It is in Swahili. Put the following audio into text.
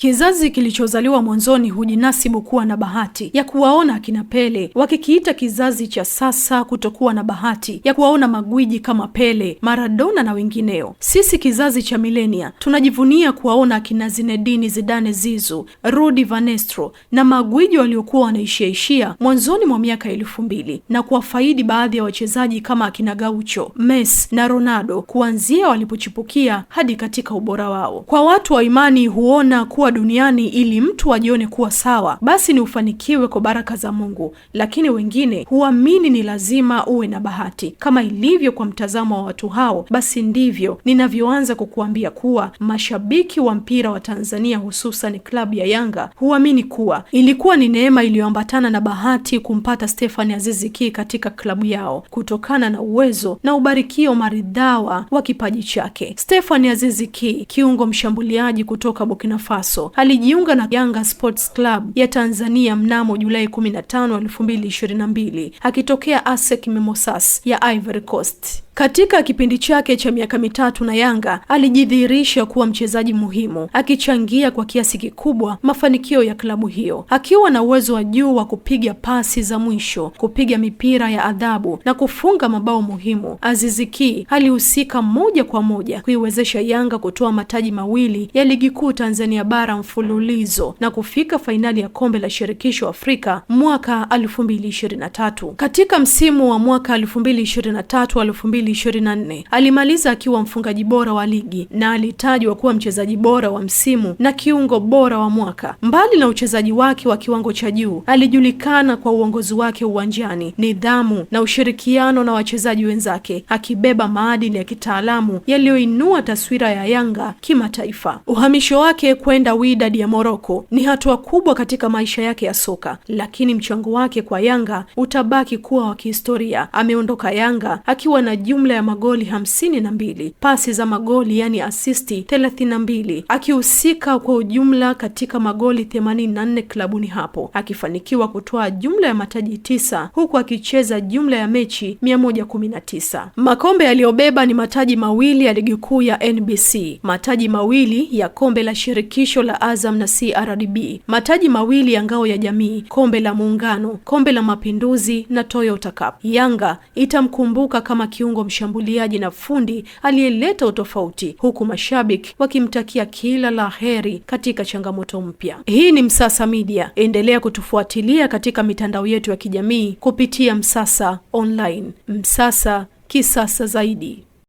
Kizazi kilichozaliwa mwanzoni hujinasibu kuwa na bahati ya kuwaona akina Pele, wakikiita kizazi cha sasa kutokuwa na bahati ya kuwaona magwiji kama Pele, Maradona na wengineo. Sisi kizazi cha milenia tunajivunia kuwaona akina Zinedine Zidane, Zizu, Rudi Vanestro na magwiji waliokuwa wanaishiaishia mwanzoni mwa miaka elfu mbili na kuwafaidi baadhi ya wachezaji kama akina Gaucho, Messi na Ronaldo kuanzia walipochipukia hadi katika ubora wao. Kwa watu wa imani huona kuwa duniani ili mtu ajione kuwa sawa, basi ni ufanikiwe kwa baraka za Mungu, lakini wengine huamini ni lazima uwe na bahati. Kama ilivyo kwa mtazamo wa watu hao, basi ndivyo ninavyoanza kukuambia kuwa mashabiki wa mpira wa Tanzania, hususan klabu ya Yanga, huamini kuwa ilikuwa ni neema iliyoambatana na bahati kumpata stefani azizi Ki katika klabu yao kutokana na uwezo na ubarikio maridhawa wa kipaji chake. Stephanie Azizi Ki, kiungo mshambuliaji kutoka Burkina Faso Lissu alijiunga na Yanga Sports Club ya Tanzania mnamo Julai 15, 2022 akitokea ASEC Mimosas ya Ivory Coast. Katika kipindi chake cha miaka mitatu na Yanga alijidhihirisha kuwa mchezaji muhimu, akichangia kwa kiasi kikubwa mafanikio ya klabu hiyo, akiwa na uwezo wa juu wa kupiga pasi za mwisho, kupiga mipira ya adhabu na kufunga mabao muhimu. Azizi Ki alihusika moja kwa moja kuiwezesha Yanga kutoa mataji mawili ya ligi kuu Tanzania bara mfululizo na kufika fainali ya kombe la shirikisho Afrika mwaka 2023. Katika msimu wa mwaka 2023 2024 2024. Alimaliza akiwa mfungaji bora wa ligi na alitajwa kuwa mchezaji bora wa msimu na kiungo bora wa mwaka. Mbali na uchezaji wake wa kiwango cha juu, alijulikana kwa uongozi wake uwanjani, nidhamu na ushirikiano na wachezaji wenzake, akibeba maadili ya kitaalamu yaliyoinua taswira ya Yanga kimataifa. Uhamisho wake kwenda Wydad ya Moroko ni hatua kubwa katika maisha yake ya soka, lakini mchango wake kwa Yanga utabaki kuwa wa kihistoria. Ameondoka Yanga akiwa na jumla ya magoli hamsini na mbili, pasi za magoli yani asisti thelathini na mbili, akihusika kwa ujumla katika magoli themanini na nne klabuni hapo, akifanikiwa kutoa jumla ya mataji tisa huku akicheza jumla ya mechi mia moja kumi na tisa. Makombe yaliyobeba ni mataji mawili ya ligi kuu ya NBC, mataji mawili ya kombe la shirikisho la Azam na CRDB, mataji mawili ya ngao ya jamii, kombe la muungano, kombe la mapinduzi na Toyota Cup. Yanga itamkumbuka kama kiungo wa mshambuliaji na fundi aliyeleta utofauti, huku mashabiki wakimtakia kila la heri katika changamoto mpya. Hii ni Msasa Media, endelea kutufuatilia katika mitandao yetu ya kijamii kupitia Msasa Online. Msasa kisasa zaidi.